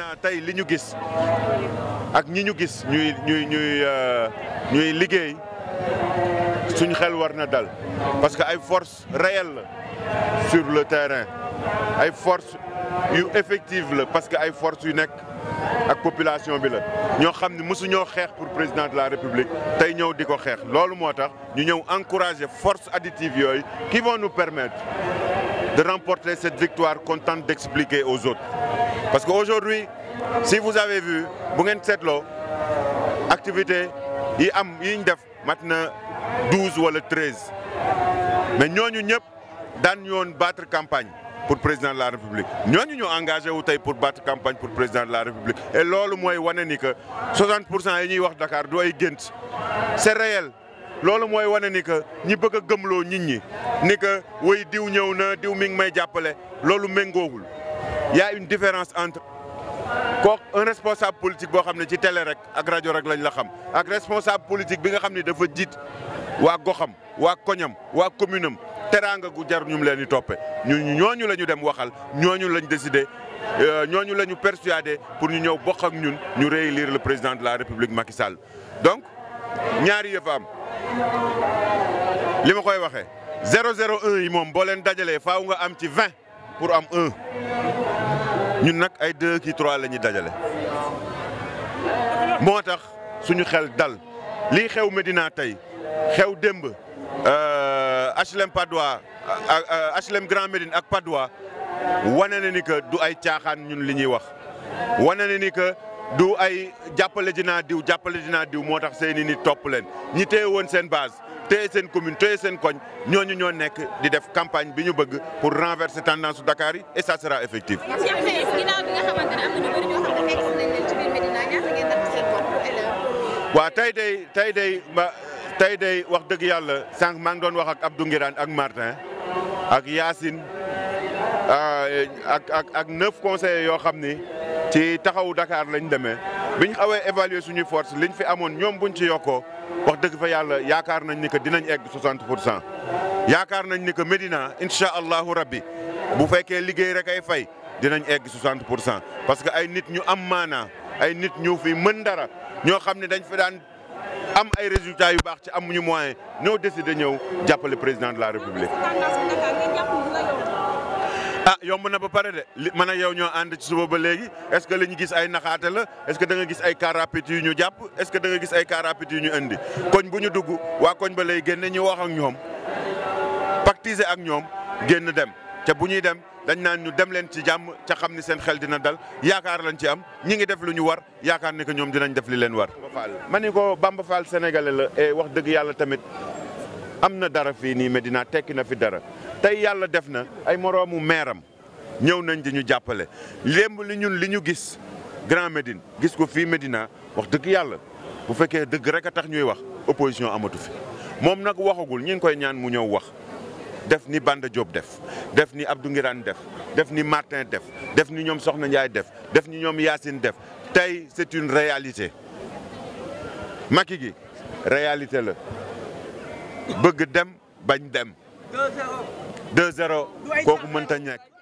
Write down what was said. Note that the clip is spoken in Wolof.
naa tey li ñu gis ak ñi ñu gis ñuy ñuy ñuy euh, ñuy liggéey suñ xel war na dal parce que ay force réelle la sur le terrain ay force yu effective la parce que ay force yu nekk ak population bi la ñoo xam ni mosu ñoo xeex pour président de la république tey ñëw di ko xeex loolu moo tax ñu ñëw encourager force additive yooyu qui vont nous permettre de remporter cette victoire contente d'expliquer aux autres parce que aujourd'hui si vous avez vu bu ngeen seetloo activité yi am yi ñu def mat na douze wala treize mais ñooñu ñëpp daan yoon battre campagne pour président de la république ñooñu ñu engagé wu tey pour battre campagne pour président de la république et loolu mooy wane ni que pour cent yi ñuy wax dakaar du ay gént c'est réel loolu mooy wane ni que ñi bëgg a gëmloo nit ñi ni que way diw ñëw na diw ming may jàppale loolu méngoowul y une différence entre kooku un responsable politique boo xam ne ci télé rek ak rajo rek lañ la xam ak responsable politique bi nga xam ne dafa jiit waa goxam waa koñam waa commune am teraanga gu jar ñu leen di toppe ñu ñooñu la ñu dem waxal ñooñu lañ décidé euh, ñooñu la ñu persuadé pour ñu ñëw bokk ak ñun ñu réélire le président de la république Macky Sall donc ñaari yëf am li ma koy waxee 001 yi moom boo leen dajalee faaw nga am ci vingt pour am 1. ñun nag ay deux kii trois la ñuy dajale moo tax suñu xel dal lii xew Medina tey xew démb euh, HLM Padois euh, HLM Grand Médine ak Padois wane na ni que du ay caaxaan ñun li ñuy wax wane na ni que du ay jàppale dinaa diw jàppale dina diw moo tax seeni nit topp leen ñi téye woon seen base téye seen commune téye seen koñ ñooñu ñoo nekk di def campagne bi ñu bëgg pour renverser tendance su Dakar et ça sera effectif. waa tey day tey day ba tey day wax dëgg yàlla sànq maa ngi doon wax ak Abdou Ngiraan ak Martin ak Yacine ah, ak ak ak neuf yoo xam ni ci taxawu Dakar lañ demee ñu awee évaluer suñuy force liñ fi amoon ñoom buñ ci yokkoo. dëgg fa yàlla yaakaar nañ ni que dinañ egg 60 pour cent yaakaar nañ ni que Médina incha allahu rabbi bu fekkee liggéey rek ay fay dinañ egg 60 pour cent parce que ay nit ñu am maana ay nit ñu fi mën dara ñoo xam ne dañ fi daan am ay résultats yu baax ci amuñu moyen ñoo décidé ñëw jàppale président de la république. ah yomb na ba pare de li man ak yow ñoo ànd ci suba ba léegi est-ce que li ñu gis ay naxaate la est-ce que da gis ay car yu ñu jàpp est-ce que da nga gis ay car yu ñu indi koñ bu ñu dugg waa koñ ba lay génne ñu wax ak ñoom pactiser ak ñoom génn dem te bu ñuy dem dañ naan ñu dem leen ci jàmm ca xam ni seen xel dina dal yaakaar lañ ci am ñi ngi def lu ñu war yaakaar ni que ñoom dinañ def li leen war. Bamba Fall ma ni la et eh, wax dëgg yàlla tamit am na dara fii nii médina tekki na fi dara tey yàlla def na ay moroomu meeram ñëw nañ di ñu jàppale lémb li ñun li ñu gis Grand Médine gis ko fii Medina wax dëgg yàlla bu fekkee dëgg rek a tax ñuy wax opposition amatu fi moom nag waxagul ñu ngi koy ñaan mu ñëw wax def ni Banda Diop def def ni Abdou Ngirane def def ni Martin def def ni ñoom Soxna Ndiaye def def ni ñoom Yacine def tey c'est une réalité Macky gi réalité la bëgg dem bañ dem 2-0 kooku mënta ñekk